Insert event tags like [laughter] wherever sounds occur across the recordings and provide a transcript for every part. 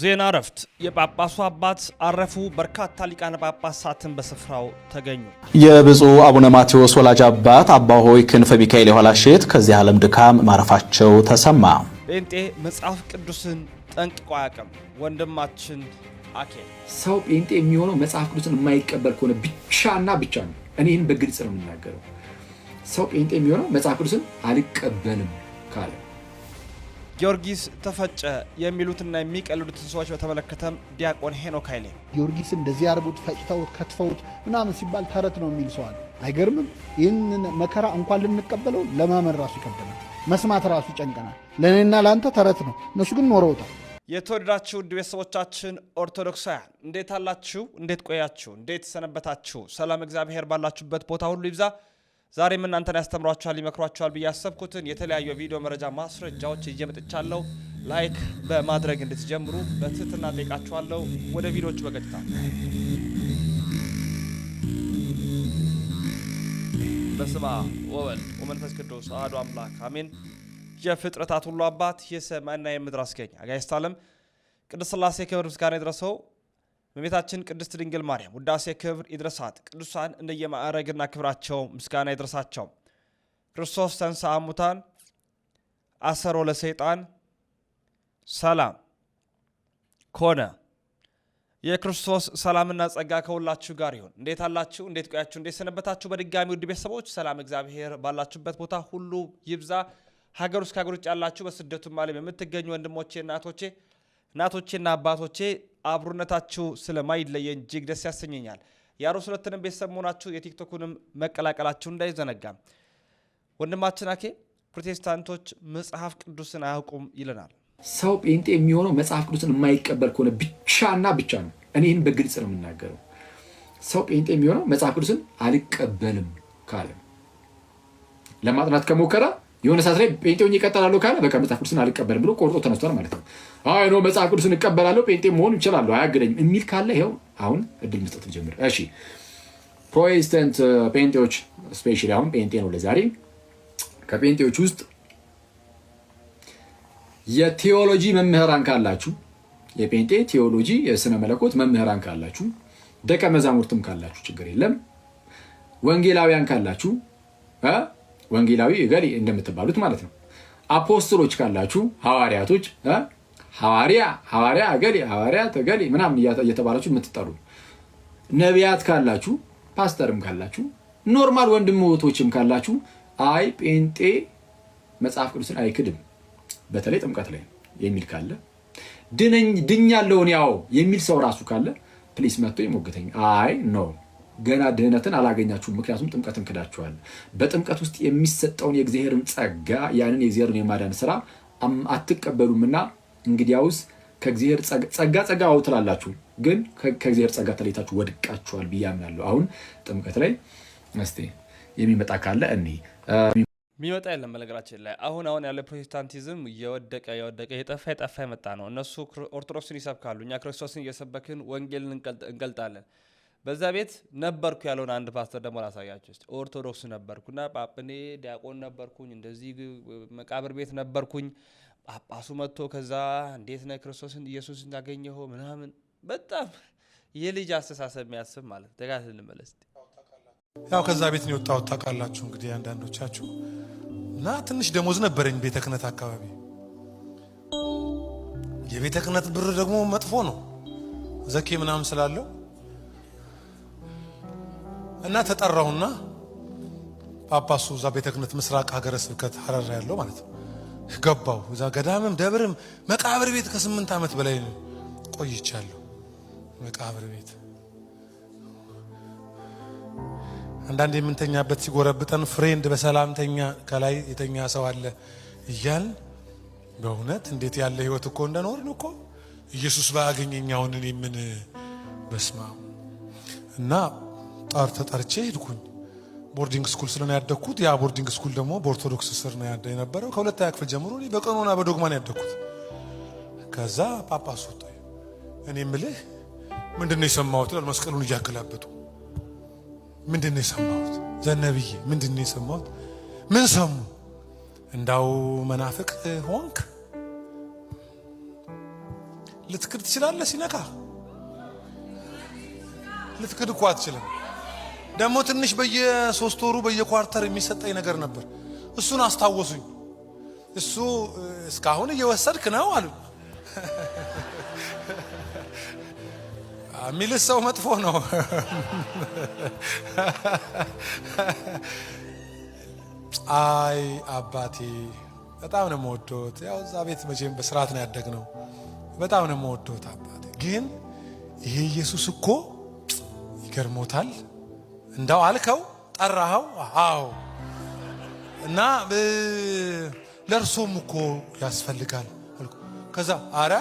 ዜና እረፍት። የጳጳሱ አባት አረፉ። በርካታ ሊቃነ ጳጳሳትን በስፍራው ተገኙ። የብፁዕ አቡነ ማቴዎስ ወላጅ አባት አባ ሆይ ክንፈ ሚካኤል የኋላሸት ከዚህ ዓለም ድካም ማረፋቸው ተሰማ። ጴንጤ መጽሐፍ ቅዱስን ጠንቅቆ አያውቅም። ወንድማችን አኬ ሰው ጴንጤ የሚሆነው መጽሐፍ ቅዱስን የማይቀበል ከሆነ ብቻና ብቻ ነው። እኔ ይህን በግልጽ ነው የምናገረው። ሰው ጴንጤ የሚሆነው መጽሐፍ ቅዱስን አልቀበልም ካለ ጊዮርጊስ ተፈጨ የሚሉትና የሚቀልዱትን ሰዎች በተመለከተም ዲያቆን ሄኖክ ኃይሌ ጊዮርጊስ እንደዚህ አርቡት ፈጭተውት ከትፈውት ምናምን ሲባል ተረት ነው የሚል ሰዋል። አይገርምም? ይህንን መከራ እንኳን ልንቀበለው ለማመን ራሱ ይከብደናል፣ መስማት ራሱ ይጨንቀናል። ለእኔና ለአንተ ተረት ነው፣ እነሱ ግን ኖረውታል። የተወደዳችሁ ውድ ቤተሰቦቻችን ኦርቶዶክሳውያን እንዴት አላችሁ? እንዴት ቆያችሁ? እንዴት ሰነበታችሁ? ሰላም እግዚአብሔር ባላችሁበት ቦታ ሁሉ ይብዛ። ዛሬም እናንተን ያስተምሯችኋል፣ ይመክሯችኋል ብዬ ያሰብኩትን የተለያዩ የቪዲዮ መረጃ ማስረጃዎች እየመጥቻለሁ። ላይክ በማድረግ እንድትጀምሩ በትህትና ጠይቃችኋለሁ። ወደ ቪዲዮዎቹ በቀጥታ በስመ አብ ወወልድ ወመንፈስ ቅዱስ አሐዱ አምላክ አሜን። የፍጥረታት ሁሉ አባት የሰማይና የምድር አስገኝ አጋዕዝተ ዓለም ቅድስት ሥላሴ ክብር ምስጋና ይድረሰው። እመቤታችን ቅድስት ድንግል ማርያም ውዳሴ ክብር ይድረሳት። ቅዱሳን እንደየማዕረግና ክብራቸው ምስጋና ይድረሳቸው። ክርስቶስ ተንሥአ እሙታን አሰሮ ለሰይጣን ሰላም ኮነ። የክርስቶስ ሰላምና ጸጋ ከሁላችሁ ጋር ይሁን። እንዴት አላችሁ? እንዴት ቆያችሁ? እንዴት ሰነበታችሁ? በድጋሚ ውድ ቤተሰቦች ሰላም እግዚአብሔር ባላችሁበት ቦታ ሁሉ ይብዛ። ሀገር ውስጥ ከሀገር ውጭ ያላችሁ በስደቱም ዓለም የምትገኙ ወንድሞቼ እናቶቼ እናቶቼና አባቶቼ አብሮነታችሁ ስለማይለየን እጅግ ደስ ያሰኘኛል። የአሮስ ሁለትንም ቤተሰብ መሆናችሁ የቲክቶኩንም መቀላቀላችሁ እንዳይዘነጋም። ወንድማችን አኬ ፕሮቴስታንቶች መጽሐፍ ቅዱስን አያውቁም ይለናል። ሰው ጴንጤ የሚሆነው መጽሐፍ ቅዱስን የማይቀበል ከሆነ ብቻና ብቻ ነው። እኔ ይህን በግልጽ ነው የምናገረው። ሰው ጴንጤ የሚሆነው መጽሐፍ ቅዱስን አልቀበልም ካለ ለማጥናት ከሞከረ የሆነ ሰዓት ላይ ጴንጤውን ይቀጠላሉ ካለ በቃ መጽሐፍ ቅዱስን አልቀበልም ብሎ ቆርጦ ተነስቷል ማለት ነው። አይ ኖ መጽሐፍ ቅዱስን እቀበላለሁ ጴንጤ መሆን ይችላለሁ አያገደኝም የሚል ካለ ይኸው አሁን እድል መስጠት ጀምር። እሺ ፕሮቴስታንት ጴንጤዎች ስፔሻሊ አሁን ጴንጤ ነው ለዛሬ ከጴንጤዎች ውስጥ የቴዎሎጂ መምህራን ካላችሁ የጴንጤ ቴዎሎጂ የስነ መለኮት መምህራን ካላችሁ ደቀ መዛሙርትም ካላችሁ ችግር የለም። ወንጌላውያን ካላችሁ ወንጌላዊ እገሌ እንደምትባሉት ማለት ነው። አፖስትሎች ካላችሁ ሐዋርያቶች፣ ሐዋርያ ሐዋርያ እገሌ፣ ሐዋርያት እገሌ ምናምን እየተባላችሁ የምትጠሩ ነቢያት ካላችሁ፣ ፓስተርም ካላችሁ፣ ኖርማል ወንድም እህቶችም ካላችሁ፣ አይ ጴንጤ መጽሐፍ ቅዱስን አይክድም በተለይ ጥምቀት ላይ የሚል ካለ ያለውን ያው የሚል ሰው ራሱ ካለ ፕሊስ መጥቶ ይሞግተኝ። አይ ነው ገና ድህነትን አላገኛችሁም፣ ምክንያቱም ጥምቀትን ክዳችኋል። በጥምቀት ውስጥ የሚሰጠውን የእግዚአብሔርን ጸጋ ያንን የእግዚአብሔርን የማዳን ስራ አትቀበሉምና እንግዲያውስ ከእግዚአብሔር ጸጋ ጸጋ አው ትላላችሁ፣ ግን ከእግዚአብሔር ጸጋ ተለይታችሁ ወድቃችኋል ብዬ አምናለሁ። አሁን ጥምቀት ላይ እስኪ የሚመጣ ካለ እኔ የሚመጣ የለም። በነገራችን ላይ አሁን አሁን ያለ ፕሮቴስታንቲዝም የወደቀ የወደቀ የጠፋ የጠፋ የመጣ ነው። እነሱ ኦርቶዶክስን ይሰብካሉ፣ እኛ ክርስቶስን እየሰበክን ወንጌልን እንገልጣለን። በዛ ቤት ነበርኩ ያለውን አንድ ፓስተር ደግሞ ላሳያቸው ስ ኦርቶዶክስ ነበርኩና ጳጵኔ ዲያቆን ነበርኩኝ፣ እንደዚህ መቃብር ቤት ነበርኩኝ። ጳጳሱ መጥቶ ከዛ እንዴት ነህ ክርስቶስን ኢየሱስ እንዳገኘኸው ምናምን በጣም የልጅ አስተሳሰብ የሚያስብ ማለት ደጋ ስንመለስ ያው ከዛ ቤት ነው የወጣሁት ታውቃላችሁ እንግዲህ አንዳንዶቻችሁ እና ትንሽ ደሞዝ ነበረኝ ቤተ ክህነት አካባቢ የቤተ ክህነት ብር ደግሞ መጥፎ ነው ዘኬ ምናምን ስላለው እና ተጠራውና ጳጳሱ እዛ ቤተ ክህነት ምስራቅ ሀገረ ስብከት ሀረር ያለው ማለት ነው ገባው። እዛ ገዳምም ደብርም መቃብር ቤት ከስምንት ዓመት በላይ ቆይቻለሁ። መቃብር ቤት አንዳንድ የምንተኛበት ሲጎረብጠን ፍሬንድ በሰላምተኛ ከላይ የተኛ ሰው አለ እያል በእውነት እንዴት ያለ ህይወት እኮ እንደኖርን እኮ ኢየሱስ ባያገኘኝ የምን በስማ እና ጠር ተጠርቼ ሄድኩኝ። ቦርዲንግ ስኩል ስለሆነ ያደግኩት ያ ቦርዲንግ ስኩል ደግሞ በኦርቶዶክስ ስር ነው ያደ የነበረው ከሁለተኛ ክፍል ጀምሮ በቀኖና በዶግማ ነው ያደግኩት። ከዛ ጳጳስ ወጣ። እኔ ምልህ ምንድን ነው የሰማሁት? ይላል መስቀሉን እያገላበጡ ምንድን ነው የሰማሁት? ዘነብዬ ምንድን ነው የሰማሁት? ምን ሰሙ? እንዳው መናፍቅ ሆንክ ልትክድ ትችላለህ። ሲነካ ልትክድ እኳ አትችልም። ደግሞ ትንሽ በየሶስት ወሩ በየኳርተር የሚሰጠኝ ነገር ነበር። እሱን አስታወሱኝ። እሱ እስካሁን እየወሰድክ ነው አሉ። [laughs] የሚልስ ሰው መጥፎ ነው። [laughs] አይ አባቴ በጣም ነው የምወዶት። ያው እዛ ቤት መቼም በስርዓት ነው ያደግነው። በጣም ነው የምወዶት አባቴ። ግን ይሄ ኢየሱስ እኮ ይገርሞታል እንደው አልከው ጠራኸው? አዎ። እና ለእርሶም እኮ ያስፈልጋል አልኩ። ከዛ አረ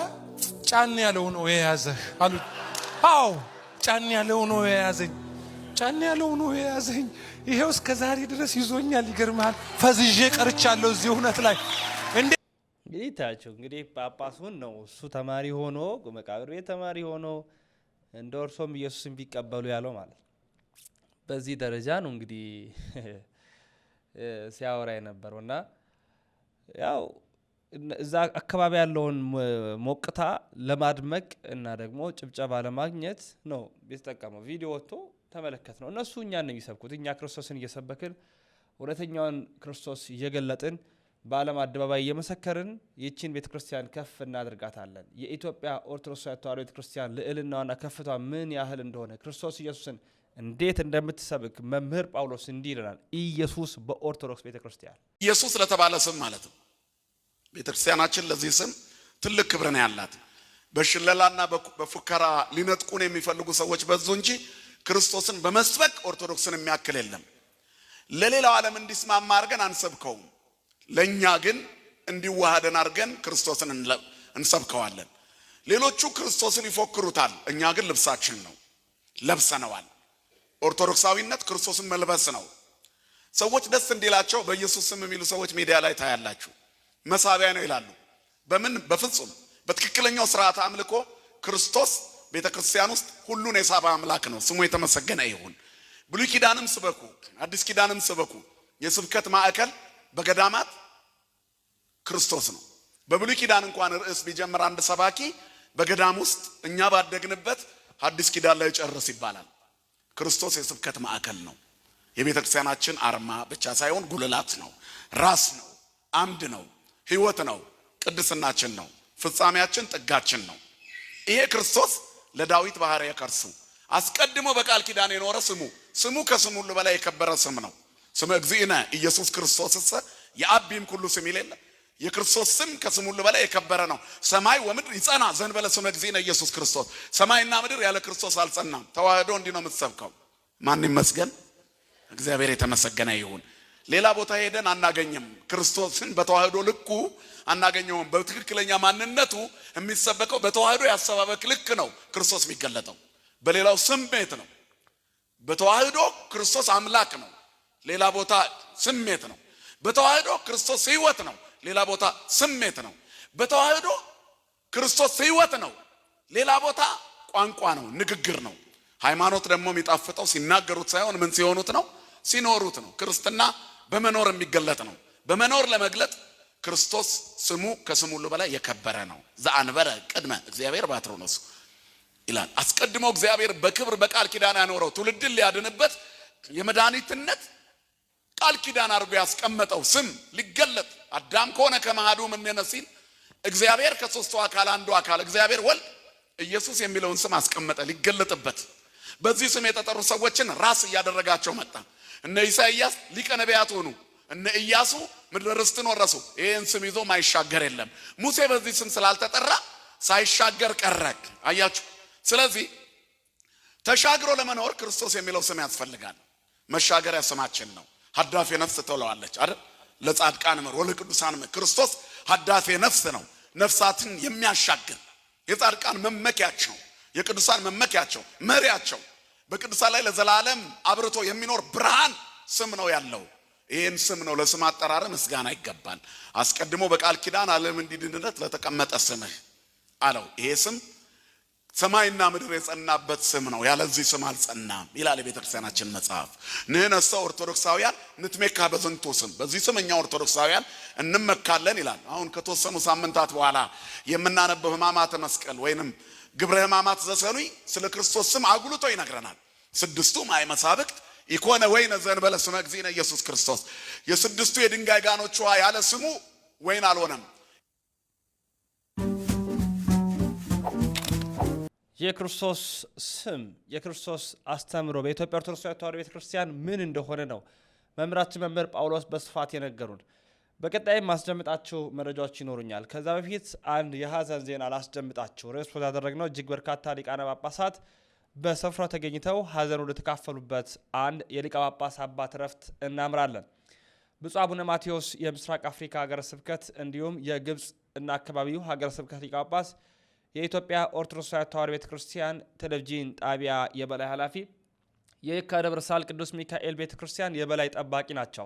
ጫን ያለው ነው የያዘህ አሉ አዎ ጫን ያለው ነው የያዘኝ፣ ጫን ያለው ነው የያዘኝ። ይሄው እስከ ዛሬ ድረስ ይዞኛል። ይገርምሃል፣ ፈዝዤ ቀርቻለሁ እዚህ እውነት ላይ እንግዲህ ታቸው እንግዲህ ጳጳሱን ነው እሱ ተማሪ ሆኖ መቃብር ቤት ተማሪ ሆኖ እንደ እርሶም ኢየሱስን ቢቀበሉ ያለው ማለት ነው። በዚህ ደረጃ ነው እንግዲህ [laughs] ሲያወራ የነበረው እና ያው እዛ አካባቢ ያለውን ሞቅታ ለማድመቅ እና ደግሞ ጭብጨባ ለማግኘት ነው የተጠቀመው። ቪዲዮ ወጥቶ ተመለከት ነው። እነሱ እኛን ነው የሚሰብኩት። እኛ ክርስቶስን እየሰበክን እውነተኛውን ክርስቶስ እየገለጥን በዓለም አደባባይ እየመሰከርን ይችን ቤተ ክርስቲያን ከፍ እናደርጋታለን። የኢትዮጵያ ኦርቶዶክስ ተዋሕዶ ቤተ ክርስቲያን ልዕልናዋና ከፍቷ ምን ያህል እንደሆነ ክርስቶስ ኢየሱስን እንዴት እንደምትሰብክ መምህር ጳውሎስ እንዲህ ይለናል። ኢየሱስ በኦርቶዶክስ ቤተ ክርስቲያን ኢየሱስ ለተባለ ስም ማለት ነው። ቤተ ክርስቲያናችን ለዚህ ስም ትልቅ ክብር ነው ያላት። በሽለላና በፉከራ ሊነጥቁን የሚፈልጉ ሰዎች በዙ እንጂ ክርስቶስን በመስበክ ኦርቶዶክስን የሚያክል የለም። ለሌላው ዓለም እንዲስማማ አድርገን አንሰብከውም። ለእኛ ግን እንዲዋሃደን አድርገን ክርስቶስን እንሰብከዋለን። ሌሎቹ ክርስቶስን ይፎክሩታል፣ እኛ ግን ልብሳችን ነው ለብሰነዋል። ኦርቶዶክሳዊነት ክርስቶስን መልበስ ነው። ሰዎች ደስ እንዲላቸው በኢየሱስ ስም የሚሉ ሰዎች ሚዲያ ላይ ታያላችሁ። መሳቢያ ነው ይላሉ። በምን በፍጹም በትክክለኛው ስርዓት አምልኮ ክርስቶስ ቤተ ክርስቲያን ውስጥ ሁሉን የሳባ አምላክ ነው። ስሙ የተመሰገነ ይሁን። ብሉይ ኪዳንም ስበኩ፣ አዲስ ኪዳንም ስበኩ። የስብከት ማዕከል በገዳማት ክርስቶስ ነው። በብሉይ ኪዳን እንኳን ርዕስ ቢጀምር አንድ ሰባኪ በገዳም ውስጥ እኛ ባደግንበት ሐዲስ ኪዳን ላይ ጨርስ ይባላል። ክርስቶስ የስብከት ማዕከል ነው። የቤተ ክርስቲያናችን አርማ ብቻ ሳይሆን ጉልላት ነው፣ ራስ ነው፣ አምድ ነው፣ ህይወት ነው፣ ቅድስናችን ነው፣ ፍጻሜያችን፣ ጥጋችን ነው። ይሄ ክርስቶስ ለዳዊት ባሕርየ ከርሱ አስቀድሞ በቃል ኪዳን የኖረ ስሙ ስሙ ከስሙ ሁሉ በላይ የከበረ ስም ነው። ስመ እግዚእነ ኢየሱስ ክርስቶስ እሰ የአቢም ኩሉ ስም ይሌለ የክርስቶስ ስም ከስም ሁሉ በላይ የከበረ ነው። ሰማይ ወምድር ይጸና ዘንድ በለስነ ጊዜ ነው ኢየሱስ ክርስቶስ። ሰማይና ምድር ያለ ክርስቶስ አልጸናም። ተዋህዶ እንዲህ ነው የምትሰብከው። ማን ይመስገን? እግዚአብሔር የተመሰገነ ይሁን። ሌላ ቦታ ሄደን አናገኝም። ክርስቶስን በተዋህዶ ልኩ አናገኘውም። በትክክለኛ ማንነቱ የሚሰበከው በተዋህዶ ያሰባበክ ልክ ነው። ክርስቶስ የሚገለጠው በሌላው ስሜት ነው። በተዋህዶ ክርስቶስ አምላክ ነው። ሌላ ቦታ ስሜት ነው። በተዋህዶ ክርስቶስ ህይወት ነው። ሌላ ቦታ ስሜት ነው። በተዋህዶ ክርስቶስ ህይወት ነው። ሌላ ቦታ ቋንቋ ነው፣ ንግግር ነው። ሃይማኖት ደግሞ የሚጣፍጠው ሲናገሩት ሳይሆን ምን ሲሆኑት ነው? ሲኖሩት ነው። ክርስትና በመኖር የሚገለጥ ነው። በመኖር ለመግለጥ ክርስቶስ ስሙ ከስሙ ሁሉ በላይ የከበረ ነው። ዘአንበረ ቅድመ እግዚአብሔር ባትሮኖስ ይላል። አስቀድሞ እግዚአብሔር በክብር በቃል ኪዳን ያኖረው ትውልድን ሊያድንበት የመድኃኒትነት ቃል ኪዳን አድርጎ ያስቀመጠው ስም ሊገለጥ አዳም ከሆነ ከማሃዱ ምንነህ ሲል እግዚአብሔር ከሶስቱ አካል አንዱ አካል እግዚአብሔር ወልድ ኢየሱስ የሚለውን ስም አስቀመጠ ሊገለጥበት። በዚህ ስም የተጠሩ ሰዎችን ራስ እያደረጋቸው መጣ። እነ ኢሳይያስ ሊቀ ነቢያት ሆኑ። እነ ኢያሱ ምድረ ርስትን ወረሱ። ይህን ስም ይዞ ማይሻገር የለም። ሙሴ በዚህ ስም ስላልተጠራ ሳይሻገር ቀረ። አያችሁ። ስለዚህ ተሻግሮ ለመኖር ክርስቶስ የሚለው ስም ያስፈልጋል። መሻገሪያ ስማችን ነው። ሀዳፌ ነፍስ ትለዋለች አይደል? ለጻድቃን ምር ወለቅዱሳን ምር ክርስቶስ ሀዳፌ ነፍስ ነው። ነፍሳትን የሚያሻግር የጻድቃን መመኪያቸው፣ የቅዱሳን መመኪያቸው፣ መሪያቸው፣ በቅዱሳን ላይ ለዘላለም አብርቶ የሚኖር ብርሃን ስም ነው ያለው። ይህን ስም ነው ለስም አጠራር ምስጋና ይገባል። አስቀድሞ በቃል ኪዳን ዓለም እንዲድንለት ለተቀመጠ ስምህ አለው። ይሄ ስም ሰማይና ምድር የጸናበት ስም ነው። ያለዚህ ስም አልጸናም ይላል የቤተክርስቲያናችን መጽሐፍ። ንሕነሰ ኦርቶዶክሳውያን ንትሜካ በዝንቱ ስም፣ በዚህ ስም እኛ ኦርቶዶክሳውያን እንመካለን ይላል። አሁን ከተወሰኑ ሳምንታት በኋላ የምናነበው ሕማማተ መስቀል ወይንም ግብረ ሕማማት ዘሰኑይ ስለ ክርስቶስ ስም አጉልቶ ይነግረናል። ስድስቱ ማይ መሳብቅት ኢኮነ ወይነ ዘእንበለ ስመ እግዚእነ ኢየሱስ ክርስቶስ፣ የስድስቱ የድንጋይ ጋኖቿ ያለ ስሙ ወይን አልሆነም። የክርስቶስ ስም የክርስቶስ አስተምሮ በኢትዮጵያ ኦርቶዶክስ ተዋህዶ ቤተ ክርስቲያን ምን እንደሆነ ነው መምህራችን መምህር ጳውሎስ በስፋት የነገሩን። በቀጣይ ማስደምጣችሁ መረጃዎች ይኖሩኛል። ከዛ በፊት አንድ የሀዘን ዜና ላስደምጣችሁ። ርዕስ ያደረግነው እጅግ በርካታ ሊቃነ ጳጳሳት በስፍራው ተገኝተው ሀዘን ወደ ተካፈሉበት አንድ የሊቀ ጳጳስ አባት እረፍት እናምራለን። ብፁዕ አቡነ ማቴዎስ የምስራቅ አፍሪካ ሀገረ ስብከት እንዲሁም የግብፅ እና አካባቢው ሀገረ ስብከት ሊቀ ጳጳስ የኢትዮጵያ ኦርቶዶክሳዊ ተዋሕዶ ቤተ ክርስቲያን ቴሌቪዥን ጣቢያ የበላይ ኃላፊ፣ የየካ ደብረ ሳህል ቅዱስ ሚካኤል ቤተ ክርስቲያን የበላይ ጠባቂ ናቸው።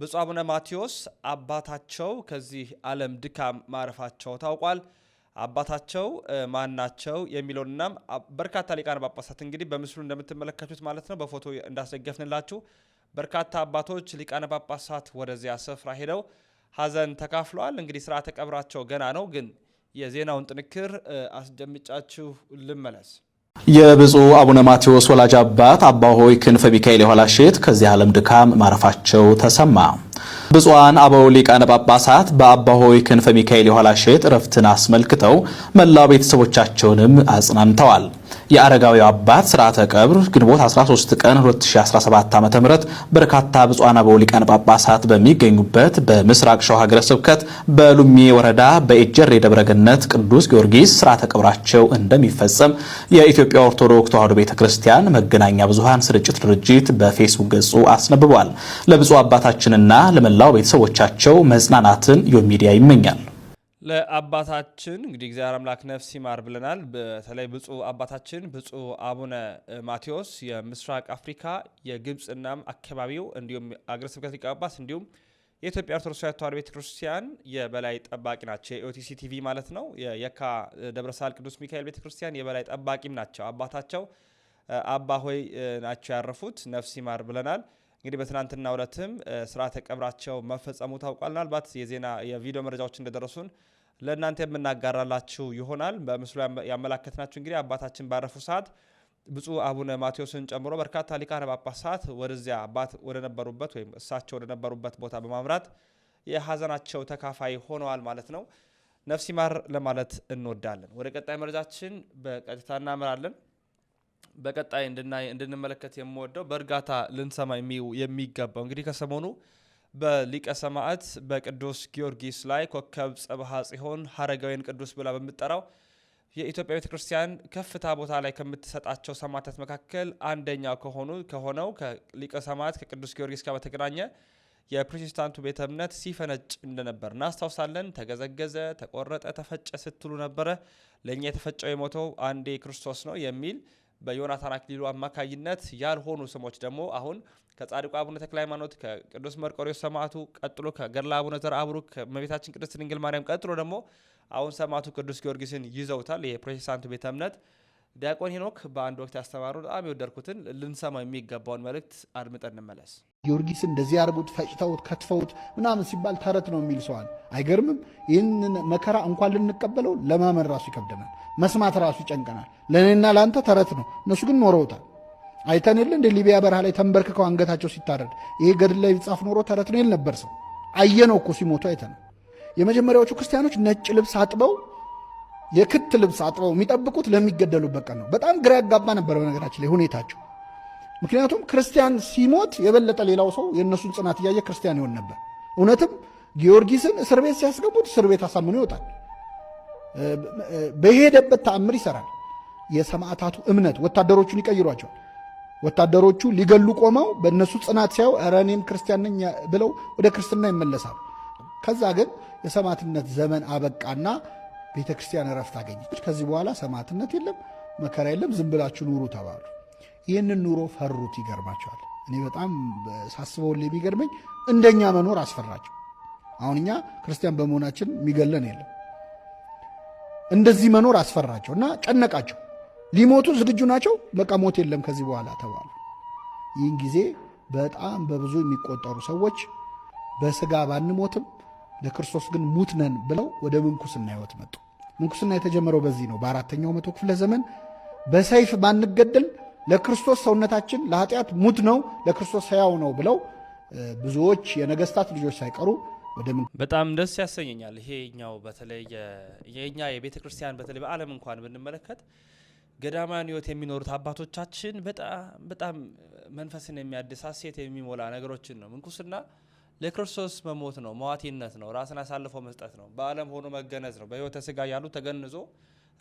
ብፁዕ አቡነ ማቴዎስ አባታቸው ከዚህ ዓለም ድካም ማረፋቸው ታውቋል። አባታቸው ማን ናቸው የሚለውንና በርካታ ሊቃነ ጳጳሳት እንግዲህ በምስሉ እንደምትመለከቱት ማለት ነው በፎቶ እንዳስደገፍንላችሁ በርካታ አባቶች ሊቃነ ጳጳሳት ወደዚያ ስፍራ ሄደው ሀዘን ተካፍለዋል። እንግዲህ ስርዓተ ቀብራቸው ገና ነው ግን የዜናውን ጥንክር አስደምጫችሁ ልመለስ። የብፁዕ አቡነ ማቴዎስ ወላጅ አባት አባ ሆይ ክንፈ ሚካኤል የኋላሽት ከዚህ ዓለም ድካም ማረፋቸው ተሰማ። ብፁዓን አበው ሊቃነ ጳጳሳት በአባ ሆይ ክንፈ ሚካኤል የኋላሽት እረፍትን አስመልክተው መላው ቤተሰቦቻቸውንም አጽናንተዋል። የአረጋዊው አባት ስርዓተ ቀብር ግንቦት 13 ቀን 2017 ዓ.ም በርካታ ብፁዓን አበው ሊቃነ ጳጳሳት በሚገኙበት በምስራቅ ሸዋ ሀገረ ስብከት በሉሜ ወረዳ በኤጀሬ ደብረገነት ቅዱስ ጊዮርጊስ ስርዓተ ቀብራቸው እንደሚፈጸም የኢትዮ የኢትዮጵያ ኦርቶዶክስ ተዋሕዶ ቤተ ክርስቲያን መገናኛ ብዙኃን ስርጭት ድርጅት በፌስቡክ ገጹ አስነብቧል። ለብፁዕ አባታችንና ለመላው ቤተሰቦቻቸው መጽናናትን ዮ ሚዲያ ይመኛል። ለአባታችን እንግዲህ እግዚአብሔር አምላክ ነፍስ ይማር ብለናል። በተለይ ብፁዕ አባታችን ብፁዕ አቡነ ማቴዎስ የምስራቅ አፍሪካ የግብፅና አካባቢው እንዲሁም አገረ ስብከት ሊቀ ጳጳስ እንዲሁም የኢትዮጵያ ኦርቶዶክስ ተዋሕዶ ቤተክርስቲያን የበላይ ጠባቂ ናቸው። የኦቲሲ ቲቪ ማለት ነው። የካ ደብረሳል ቅዱስ ሚካኤል ቤተክርስቲያን የበላይ ጠባቂም ናቸው። አባታቸው አባ ሆይ ናቸው ያረፉት። ነፍስ ይማር ብለናል። እንግዲህ በትናንትናው ዕለትም ስርዓተ ቀብራቸው መፈጸሙ ታውቋል። ምናልባት የዜና የቪዲዮ መረጃዎች እንደደረሱን ለእናንተ የምናጋራላችሁ ይሆናል። በምስሉ ያመላከትናችሁ እንግዲህ አባታችን ባረፉ ሰዓት ብፁዕ አቡነ ማቴዎስን ጨምሮ በርካታ ሊቃነ ጳጳሳት ወደዚያ አባት ወደነበሩበት ወይም እሳቸው ወደነበሩበት ቦታ በማምራት የሀዘናቸው ተካፋይ ሆነዋል ማለት ነው። ነፍስ ይማር ለማለት እንወዳለን። ወደ ቀጣይ መረጃችን በቀጥታ እናምራለን። በቀጣይ እንድናይ እንድንመለከት የምወደው በእርጋታ ልንሰማ የሚገባው እንግዲህ ከሰሞኑ በሊቀ ሰማዕት በቅዱስ ጊዮርጊስ ላይ ኮከብ ጽብሐ ጽዮን ሀረጋዊን ቅዱስ ብላ በምጠራው የኢትዮጵያ ቤተ ክርስቲያን ከፍታ ቦታ ላይ ከምትሰጣቸው ሰማዕታት መካከል አንደኛው ከሆኑ ከሆነው ከሊቀ ሰማዕታት ከቅዱስ ጊዮርጊስ ጋር በተገናኘ የፕሮቴስታንቱ ቤተ እምነት ሲፈነጭ እንደነበር እናስታውሳለን። ተገዘገዘ፣ ተቆረጠ፣ ተፈጨ ስትሉ ነበረ። ለእኛ የተፈጨው የሞተው አንዴ ክርስቶስ ነው የሚል በዮናታን አክሊሉ አማካይነት ያልሆኑ ስሞች ደግሞ አሁን ከጻድቁ አቡነ ተክለ ሃይማኖት፣ ከቅዱስ መርቆሪዎስ ሰማዕቱ ቀጥሎ ከገድለ አቡነ አብሩ ከእመቤታችን ቅድስት ድንግል ማርያም ቀጥሎ ደግሞ አሁን ሰማዕቱ ቅዱስ ጊዮርጊስን ይዘውታል። የፕሮቴስታንቱ ቤተ እምነት ዲያቆን ሄኖክ በአንድ ወቅት ያስተማሩ በጣም የወደድኩትን ልንሰማው የሚገባውን መልእክት አድምጠን እንመለስ። ጊዮርጊስ እንደዚህ አድርጉት፣ ፈጭተውት፣ ከትፈውት ምናምን ሲባል ተረት ነው የሚል ሰዋል። አይገርምም? ይህንን መከራ እንኳን ልንቀበለው ለማመን ራሱ ይከብደናል። መስማት ራሱ ይጨንቀናል። ለእኔና ለአንተ ተረት ነው፣ እነሱ ግን ኖረውታል። አይተን የለ እንደ ሊቢያ በረሃ ላይ ተንበርክከው አንገታቸው ሲታረድ ይሄ ገድል ላይ ቢጻፍ ኖሮ ተረት ነው ይል ነበር ሰው። አየነው እኮ ሲሞቱ አይተነው የመጀመሪያዎቹ ክርስቲያኖች ነጭ ልብስ አጥበው የክት ልብስ አጥበው የሚጠብቁት ለሚገደሉበት ቀን ነው። በጣም ግራ ያጋባ ነበር በነገራችን ላይ ሁኔታቸው። ምክንያቱም ክርስቲያን ሲሞት የበለጠ ሌላው ሰው የእነሱን ጽናት እያየ ክርስቲያን ይሆን ነበር። እውነትም ጊዮርጊስን እስር ቤት ሲያስገቡት እስር ቤት አሳምኖ ይወጣል። በሄደበት ተአምር ይሰራል። የሰማዕታቱ እምነት ወታደሮቹን ይቀይሯቸዋል። ወታደሮቹ ሊገሉ ቆመው በእነሱ ጽናት ሲያዩ ኧረ እኔም ክርስቲያን ነኝ ብለው ወደ ክርስትና ይመለሳሉ። ከዛ ግን የሰማዕትነት ዘመን አበቃና ቤተ ክርስቲያን እረፍት አገኘች። ከዚህ በኋላ ሰማዕትነት የለም፣ መከራ የለም፣ ዝም ብላችሁ ኑሩ ተባሉ። ይህንን ኑሮ ፈሩት። ይገርማቸዋል። እኔ በጣም ሳስበው የሚገርመኝ እንደኛ መኖር አስፈራቸው። አሁን እኛ ክርስቲያን በመሆናችን የሚገለን የለም። እንደዚህ መኖር አስፈራቸው እና ጨነቃቸው። ሊሞቱ ዝግጁ ናቸው። በቃ ሞት የለም ከዚህ በኋላ ተባሉ። ይህን ጊዜ በጣም በብዙ የሚቆጠሩ ሰዎች በስጋ ባንሞትም ለክርስቶስ ግን ሙት ነን ብለው ወደ ምንኩስና ህይወት መጡ። ምንኩስና የተጀመረው በዚህ ነው። በአራተኛው መቶ ክፍለ ዘመን በሰይፍ ባንገደል ለክርስቶስ ሰውነታችን ለኃጢአት ሙት ነው፣ ለክርስቶስ ሕያው ነው ብለው ብዙዎች የነገስታት ልጆች ሳይቀሩ በጣም ደስ ያሰኘኛል። ይሄኛው በተለይ የኛ የቤተ ክርስቲያን በተለይ በዓለም እንኳን ብንመለከት ገዳማን ህይወት የሚኖሩት አባቶቻችን በጣም በጣም መንፈስን የሚያድስ ሐሴት የሚሞላ ነገሮችን ነው ምንኩስና ለክርስቶስ መሞት ነው፣ መዋቲነት ነው፣ ራስን አሳልፎ መስጠት ነው፣ በዓለም ሆኖ መገነዝ ነው። በሕይወተ ስጋ ያሉ ተገንዞ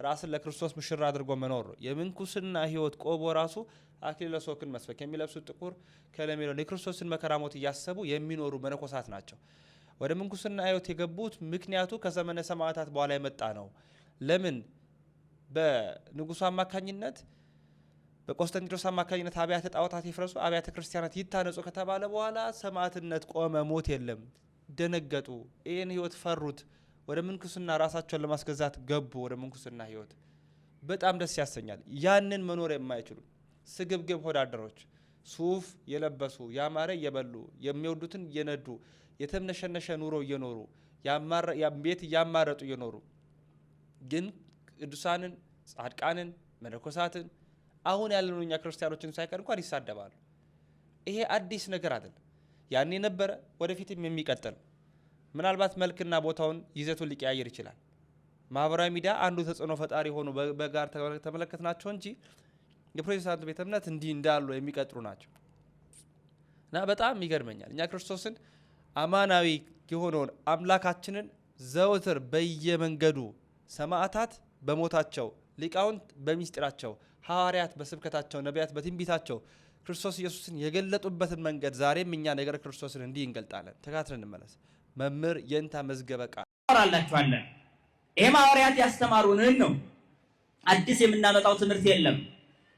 ራስን ለክርስቶስ ምሽራ አድርጎ መኖር ነው። የምንኩስና ህይወት ቆቦ ራሱ አክሊለ ሦክን መስበክ የሚለብሱት ጥቁር ከለሜሎን የክርስቶስን መከራ ሞት እያሰቡ የሚኖሩ መነኮሳት ናቸው። ወደ ምንኩስና ህይወት የገቡት ምክንያቱ ከዘመነ ሰማዕታት በኋላ የመጣ ነው። ለምን? በንጉሱ አማካኝነት በቆስጠንጢኖስ አማካኝነት አብያተ ጣዖታት ይፍረሱ፣ አብያተ ክርስቲያናት ይታነጹ ከተባለ በኋላ ሰማዕትነት ቆመ፣ ሞት የለም። ደነገጡ። ይህን ህይወት ፈሩት። ወደ ምንኩስና ራሳቸውን ለማስገዛት ገቡ። ወደ ምንኩስና ህይወት በጣም ደስ ያሰኛል። ያንን መኖር የማይችሉ ስግብግብ ሆዳደሮች ሱፍ የለበሱ ያማረ እየበሉ የሚወዱትን እየነዱ የተምነሸነሸ ኑሮ እየኖሩ ቤት እያማረጡ እየኖሩ ግን ቅዱሳንን፣ ጻድቃንን፣ መነኮሳትን አሁን ያለኑ እኛ ክርስቲያኖችን ሳይቀር እንኳን ይሳደባሉ። ይሄ አዲስ ነገር አይደል፣ ያኔ ነበረ፣ ወደፊትም የሚቀጥል ምናልባት መልክና ቦታውን ይዘቱን ሊቀያየር ይችላል። ማህበራዊ ሚዲያ አንዱ ተጽዕኖ ፈጣሪ ሆኑ በጋር ተመለከት ናቸው እንጂ የፕሮቴስታንት ቤተ እምነት እንዲህ እንዳሉ የሚቀጥሩ ናቸው እና በጣም ይገርመኛል። እኛ ክርስቶስን አማናዊ የሆነውን አምላካችንን ዘወትር በየመንገዱ ሰማዕታት በሞታቸው ሊቃውንት በሚስጢራቸው ሐዋርያት በስብከታቸው ነቢያት በትንቢታቸው ክርስቶስ ኢየሱስን የገለጡበትን መንገድ ዛሬም እኛ ነገር ክርስቶስን እንዲህ እንገልጣለን። ተካትለን እንመለስ። መምህር የእንታ መዝገበ ቃል አላችኋለን። ይህም ሐዋርያት ያስተማሩንን ነው። አዲስ የምናመጣው ትምህርት የለም።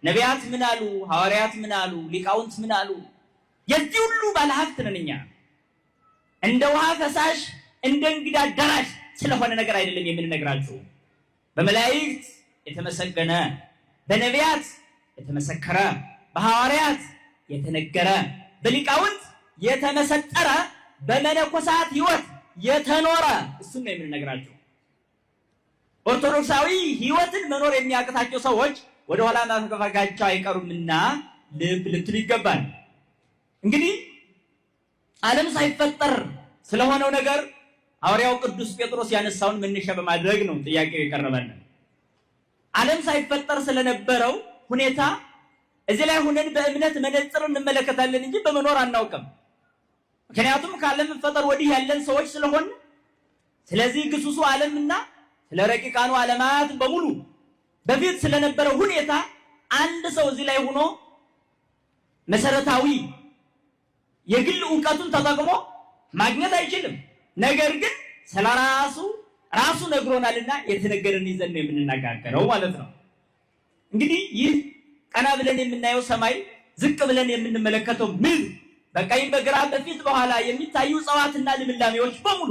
ነቢያት ምን አሉ? ሐዋርያት ምን አሉ? ሊቃውንት ምን አሉ? የዚህ ሁሉ ባለሀብት ነን እኛ። እንደ ውሃ ፈሳሽ፣ እንደ እንግዳ ደራሽ ስለሆነ ነገር አይደለም የምንነግራችሁ። በመላእክት የተመሰገነ በነቢያት የተመሰከረ በሐዋርያት የተነገረ በሊቃውንት የተመሰጠረ በመነኮሳት ሕይወት የተኖረ እሱን ነው የምንነግራቸው። ኦርቶዶክሳዊ ሕይወትን መኖር የሚያቅታቸው ሰዎች ወደ ኋላ ማፈግፈጋቸው አይቀሩምና ልብ ልትሉ ይገባል። እንግዲህ ዓለም ሳይፈጠር ስለሆነው ነገር ሐዋርያው ቅዱስ ጴጥሮስ ያነሳውን መነሻ በማድረግ ነው ጥያቄው የቀረበልን። ዓለም ሳይፈጠር ስለነበረው ሁኔታ እዚህ ላይ ሁነን በእምነት መነጽር እንመለከታለን እንጂ በመኖር አናውቅም። ምክንያቱም ከዓለም መፈጠር ወዲህ ያለን ሰዎች ስለሆን፣ ስለዚህ ግሱሱ ዓለምና ስለ ረቂቃኑ ዓለማት በሙሉ በፊት ስለነበረ ሁኔታ አንድ ሰው እዚህ ላይ ሆኖ መሰረታዊ የግል እውቀቱን ተጠቅሞ ማግኘት አይችልም። ነገር ግን ስለራሱ ራሱ ነግሮናልና የተነገረን ይዘን ነው የምንነጋገረው ማለት ነው። እንግዲህ ይህ ቀና ብለን የምናየው ሰማይ፣ ዝቅ ብለን የምንመለከተው ምድር፣ በቀኝ በግራ በፊት በኋላ የሚታዩ እጽዋትና ልምላሜዎች በሙሉ፣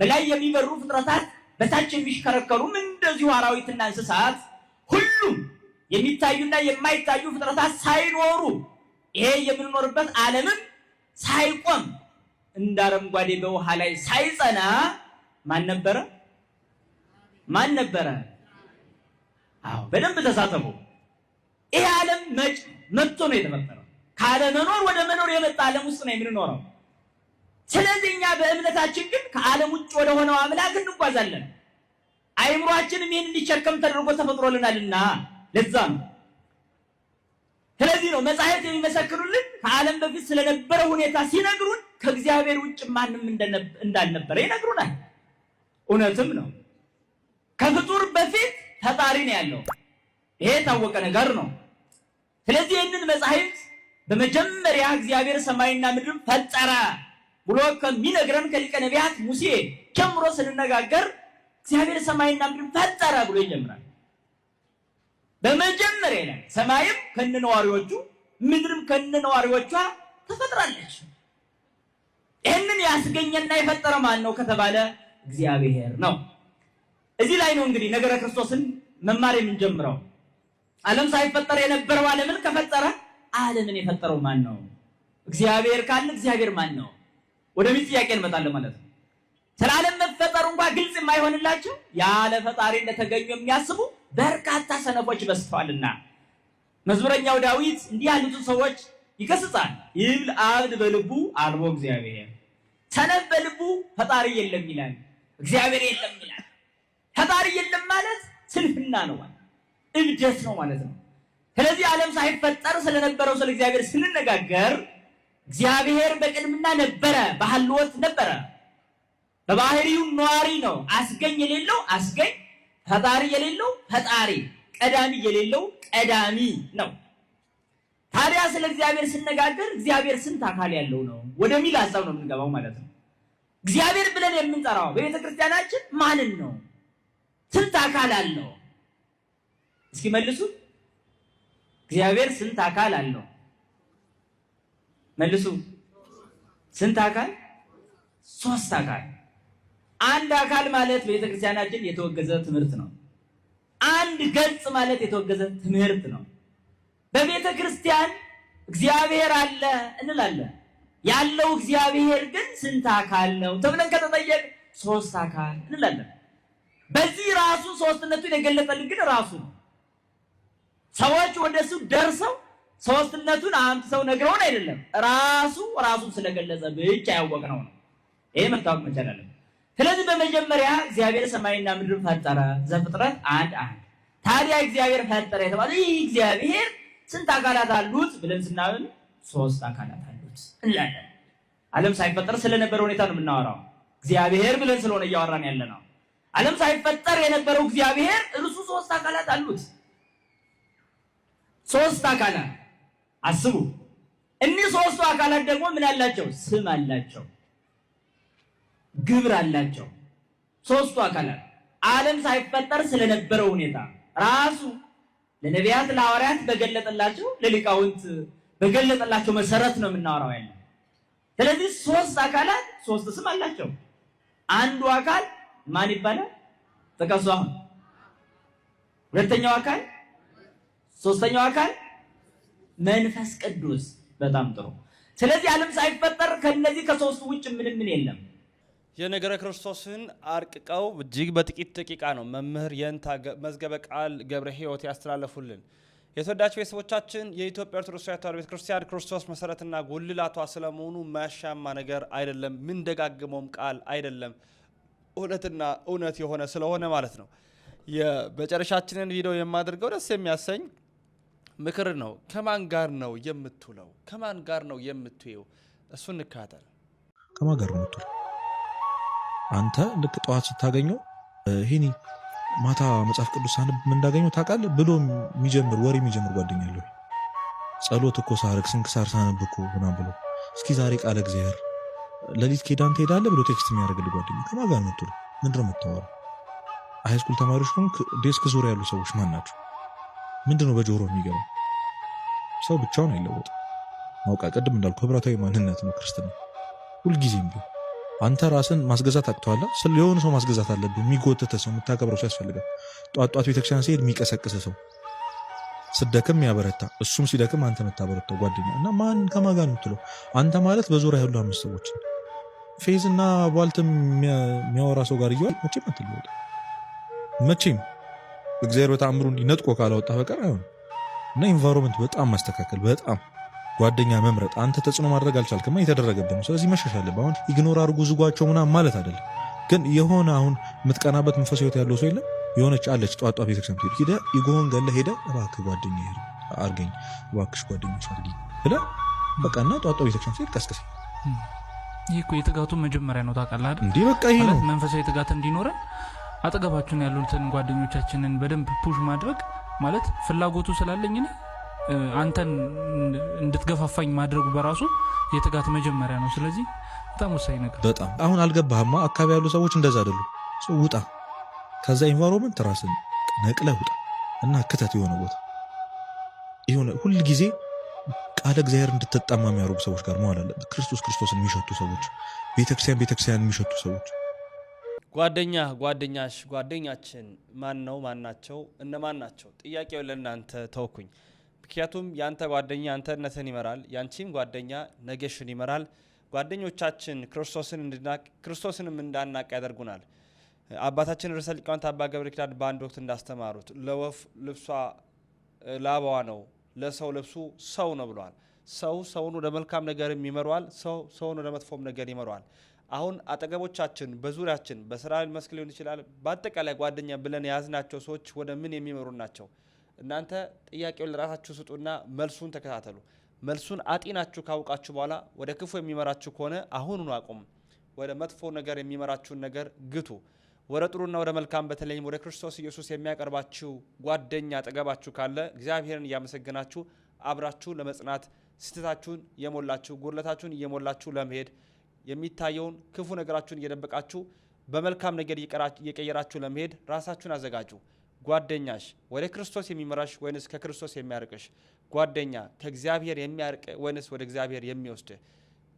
በላይ የሚበሩ ፍጥረታት፣ በታች የሚሽከረከሩም እንደዚሁ አራዊትና እንስሳት፣ ሁሉም የሚታዩና የማይታዩ ፍጥረታት ሳይኖሩ ይሄ የምንኖርበት ዓለምም ሳይቆም እንደ አረንጓዴ በውሃ ላይ ሳይጸና ማን ነበረ? ማን ነበረ? አዎ በደንብ ተሳተፉ። ይሄ ዓለም መጥቶ ነው የተፈጠረው። ካለመኖር ወደ መኖር የመጣ ዓለም ውስጥ ነው የምንኖረው። ስለዚህ እኛ በእምነታችን ግን ከዓለም ውጭ ወደ ሆነው አምላክ እንጓዛለን። አይምሯችንም ይህን እንዲቸከም ተደርጎ ተፈጥሮልናልና ለዛ ነው። ስለዚህ ነው መጻሕፍት የሚመሰክሩልን ከዓለም በፊት ስለነበረ ሁኔታ ሲነግሩን ከእግዚአብሔር ውጭ ማንም እንዳልነበረ ይነግሩናል። እውነትም ነው። ከፍጡር በፊት ፈጣሪ ነው ያለው። ይሄ የታወቀ ነገር ነው። ስለዚህ ይህንን መጽሐፍ በመጀመሪያ እግዚአብሔር ሰማይና ምድርን ፈጠረ ብሎ ከሚነግረን ከሊቀ ነቢያት ሙሴ ጀምሮ ስንነጋገር እግዚአብሔር ሰማይና ምድርን ፈጠረ ብሎ ይጀምራል። በመጀመሪያ ላይ ሰማይም ከነነዋሪዎቹ ምድርም ከነነዋሪዎቿ ተፈጥራለች። ይህንን ያስገኘና የፈጠረ ማን ነው ከተባለ እግዚአብሔር ነው። እዚህ ላይ ነው እንግዲህ ነገረ ክርስቶስን መማር የምንጀምረው። ዓለም ሳይፈጠር የነበረው ዓለምን ከፈጠረ ዓለምን የፈጠረው ማን ነው? እግዚአብሔር ካለ እግዚአብሔር ማን ነው? ወደሚል ጥያቄ እንመጣለን ማለት ነው። ስለ ዓለም መፈጠሩ እንኳን ግልጽ የማይሆንላቸው ያለ ፈጣሪ እንደተገኙ የሚያስቡ በርካታ ሰነፎች በስተዋልና መዝሙረኛው ዳዊት እንዲህ ያሉትን ሰዎች ይገስጻል። ይብል አብድ በልቡ አልቦ እግዚአብሔር፣ ሰነፍ በልቡ ፈጣሪ የለም ይላል፣ እግዚአብሔር የለም ይላል። ፈጣሪ የለም ማለት ስንፍና ነው ማለት እብደት ነው ማለት ነው። ስለዚህ ዓለም ሳይፈጠር ስለነበረው ስለ እግዚአብሔር ስንነጋገር እግዚአብሔር በቅድምና ነበረ፣ በሐልወት ነበረ። በባህሪው ነዋሪ ነው። አስገኝ የሌለው አስገኝ፣ ፈጣሪ የሌለው ፈጣሪ፣ ቀዳሚ የሌለው ቀዳሚ ነው። ታዲያ ስለ እግዚአብሔር ስነጋገር እግዚአብሔር ስንት አካል ያለው ነው ወደሚል ሀሳብ ነው የምንገባው ማለት ነው። እግዚአብሔር ብለን የምንጠራው በቤተክርስቲያናችን ማንን ነው? ስንት አካል አለው? እስኪ መልሱ። እግዚአብሔር ስንት አካል አለው? መልሱ። ስንት አካል? ሶስት አካል። አንድ አካል ማለት በቤተክርስቲያናችን የተወገዘ ትምህርት ነው። አንድ ገጽ ማለት የተወገዘ ትምህርት ነው። በቤተ ክርስቲያን እግዚአብሔር አለ እንላለን። ያለው እግዚአብሔር ግን ስንት አካል ነው ተብለን ከተጠየቅ ሶስት አካል እንላለን። በዚህ ራሱ ሶስትነቱን የገለጠልን ግን ራሱ ሰዎች ወደሱ ደርሰው ሶስትነቱን ሰው ነግረውን አይደለም፣ ራሱ ራሱን ስለገለጸ ብቻ ያወቅነው ነው። ይሄ መታወቅ መቻል አለበት። ስለዚህ በመጀመሪያ እግዚአብሔር ሰማይና ምድር ፈጠረ፣ ዘፍጥረት አንድ አንድ። ታዲያ እግዚአብሔር ፈጠረ የተባለ ይህ እግዚአብሔር ስንት አካላት አሉት ብለን ስናምን ሶስት አካላት አሉት እንላለን። ዓለም ሳይፈጠር ስለነበረ ሁኔታ ነው የምናወራው። እግዚአብሔር ብለን ስለሆነ እያወራን ያለ ነው። ዓለም ሳይፈጠር የነበረው እግዚአብሔር እርሱ ሶስት አካላት አሉት። ሶስት አካላት አስቡ። እኒህ ሶስቱ አካላት ደግሞ ምን አላቸው? ስም አላቸው፣ ግብር አላቸው። ሶስቱ አካላት ዓለም ሳይፈጠር ስለነበረው ሁኔታ ራሱ ለነቢያት ለሐዋርያት በገለጠላቸው ለሊቃውንት በገለጠላቸው መሰረት ነው የምናወራው ያለ። ስለዚህ ሶስት አካላት ሶስት ስም አላቸው። አንዱ አካል ማን ይባላል? ጥቀሱ። አሁን ሁለተኛው አካል፣ ሶስተኛው አካል መንፈስ ቅዱስ። በጣም ጥሩ። ስለዚህ ዓለም ሳይፈጠር ከነዚህ ከሶስቱ ውጭ ምንም ምን የለም። የነገረ ክርስቶስን አርቅቀው እጅግ በጥቂት ደቂቃ ነው መምህር የንታ መዝገበ ቃል ገብረ ሕይወት ያስተላለፉልን። የተወዳጅ ቤተሰቦቻችን የኢትዮጵያ ኦርቶዶክስ ተዋሕዶ ቤተክርስቲያን ክርስቶስ መሰረትና ጉልላቷ ስለመሆኑ ማያሻማ ነገር አይደለም፣ ምንደጋግመውም ቃል አይደለም። እውነትና እውነት የሆነ ስለሆነ ማለት ነው። የመጨረሻችንን ቪዲዮ የማደርገው ደስ የሚያሰኝ ምክር ነው። ከማን ጋር ነው የምትውለው? ከማን ጋር ነው የምትውየው? እሱ እንካተል። ከማን ጋር ነው የምትውለው? አንተ ልክ ጠዋት ስታገኘው ይሄኔ ማታ መጽሐፍ ቅዱስ ሳንብ እንዳገኘው ታውቃለህ ብሎ የሚጀምር ወሬ የሚጀምር ጓደኛ አለኝ። ጸሎት እኮ ሳርግ ስንክሳር ሳነብ እኮ ምናምን ብሎ እስኪ ዛሬ ቃለ እግዚአብሔር ለሊት ኬዳን ትሄዳለ ብሎ ቴክስት የሚያደርግል ጓደኛ ከማን ጋር መጥቶ ምንድ የምታወራው? ሃይስኩል ተማሪዎች ሆንክ ዴስክ ዙሪያ ያሉ ሰዎች ማን ናቸው? ምንድነው በጆሮ የሚገባ? ሰው ብቻውን አይለወጥም። ማውቃ ቅድም እንዳልኩ ህብረታዊ ማንነት ነው ክርስትና። ሁልጊዜም ቢሆን አንተ ራስን ማስገዛት አቅተዋላ የሆኑ ሰው ማስገዛት አለብህ። የሚጎተተ ሰው የምታከብረው ሰው ያስፈልጋል። ጧት ቤተክርስቲያን ሲሄድ የሚቀሰቅስ ሰው፣ ስደክም ያበረታ፣ እሱም ሲደክም አንተ የምታበረታው ጓደኛ እና ማን ከማን ምትለው አንተ ማለት በዙሪያ ያሉ አምስት ሰዎች ነው ፌዝ እና ቧልትም የሚያወራ ሰው ጋር እየዋል መቼም አትለወጥ። መቼም እግዚአብሔር በተአምሩ እንዲነጥቆ ካላወጣ በቀር አይሆን እና ኢንቫይሮንመንት በጣም ማስተካከል፣ በጣም ጓደኛ መምረጥ። አንተ ተጽዕኖ ማድረግ አልቻልክማ የተደረገብን። ስለዚህ መሻሻል አለብህ። አሁን ኢግኖር አድርጉ ዝጓቸው ምናምን ማለት አይደለም፣ ግን የሆነ አሁን የምትቀናበት መንፈስ ህይወት ያለው ሰው የለም። የሆነች አለች ጧጧ ቤተክርስቲያን ትሄድ ሄደ ኢጎን ገለ ሄደ እባክህ ጓደኛ ሄ አርገኝ እባክሽ ጓደኞች አርገኝ ብለህ በቃና እና ጧጧ ቤተክርስቲያን ትሄድ ቀስቅሰኝ ይህ እኮ የትጋቱ መጀመሪያ ነው ታውቃለህ አይደል? እንዲህ በቃ ይሄ ነው መንፈሳዊ ትጋት እንዲኖረን አጠገባችን ያሉትን ጓደኞቻችንን በደንብ ፑሽ ማድረግ ማለት ፍላጎቱ ስላለኝ እኔ አንተን እንድትገፋፋኝ ማድረጉ በራሱ የትጋት መጀመሪያ ነው። ስለዚህ በጣም ወሳኝ ነገር በጣም አሁን አልገባህማ። አካባቢ ያሉ ሰዎች እንደዛ አይደሉ። ውጣ ከዛ ኢንቫይሮመንት ራስን ነቅለህ ውጣ እና ክተት የሆነ ቦታ ሁል ጊዜ ቃለ እግዚአብሔር እንድትጠማ የሚያደርጉ ሰዎች ጋር መዋል አለበት። ክርስቶስ ክርስቶስን የሚሸቱ ሰዎች፣ ቤተክርስቲያን ቤተክርስቲያን የሚሸቱ ሰዎች። ጓደኛ ጓደኛሽ ጓደኛችን ማን ነው? ማን ናቸው? እነማን ናቸው? ጥያቄው ለእናንተ ተውኩኝ። ምክንያቱም ያንተ ጓደኛ አንተነትን ይመራል፣ ያንቺም ጓደኛ ነገሽን ይመራል። ጓደኞቻችን ክርስቶስን እንድናቅ ክርስቶስንም እንዳናቅ ያደርጉናል። አባታችን ርዕሰ ሊቃውንት አባ ገብረ ኪዳን በአንድ ወቅት እንዳስተማሩት ለወፍ ልብሷ ላባዋ ነው ለሰው ልብሱ ሰው ነው ብለዋል። ሰው ሰውን ወደ መልካም ነገርም ይመረዋል፣ ሰው ሰውን ወደ መጥፎም ነገር ይመረዋል። አሁን አጠገቦቻችን፣ በዙሪያችን፣ በስራ መስክ ሊሆን ይችላል። በአጠቃላይ ጓደኛ ብለን የያዝናቸው ሰዎች ወደ ምን የሚመሩ ናቸው? እናንተ ጥያቄውን ለራሳችሁ ስጡና መልሱን ተከታተሉ። መልሱን አጢናችሁ ካውቃችሁ በኋላ ወደ ክፉ የሚመራችሁ ከሆነ አሁኑኑ አቁም። ወደ መጥፎ ነገር የሚመራችሁን ነገር ግቱ። ወደ ጥሩና ወደ መልካም በተለይም ወደ ክርስቶስ ኢየሱስ የሚያቀርባችሁ ጓደኛ አጠገባችሁ ካለ እግዚአብሔርን እያመሰገናችሁ አብራችሁ ለመጽናት ስህተታችሁን እየሞላችሁ ጉድለታችሁን እየሞላችሁ ለመሄድ የሚታየውን ክፉ ነገራችሁን እየደበቃችሁ በመልካም ነገር እየቀየራችሁ ለመሄድ ራሳችሁን አዘጋጁ። ጓደኛሽ ወደ ክርስቶስ የሚመራሽ ወይንስ ከክርስቶስ የሚያርቅሽ? ጓደኛ ከእግዚአብሔር የሚያርቅ ወይንስ ወደ እግዚአብሔር የሚወስድ?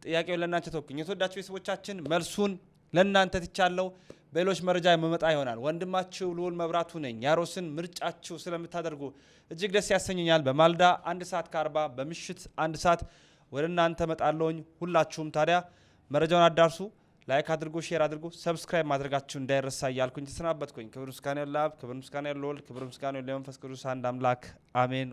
ጥያቄውን ለእናንተ ተወኩኝ። የተወዳችሁ ቤተሰቦቻችን መልሱን ለእናንተ ትቻለው። በሌሎች መረጃ የመመጣ ይሆናል። ወንድማችሁ ልዑል መብራቱ ነኝ። ያሮስን ምርጫችሁ ስለምታደርጉ እጅግ ደስ ያሰኘኛል። በማልዳ አንድ ሰዓት ከአርባ በምሽት አንድ ሰዓት ወደ እናንተ መጣለውኝ። ሁላችሁም ታዲያ መረጃውን አዳርሱ፣ ላይክ አድርጉ፣ ሼር አድርጉ፣ ሰብስክራይብ ማድረጋችሁ እንዳይረሳ እያልኩኝ ተሰናበትኩኝ። ክብር ምስጋና ለአብ፣ ክብር ምስጋና ለወልድ፣ ክብር ምስጋና ለመንፈስ ቅዱስ አንድ አምላክ አሜን።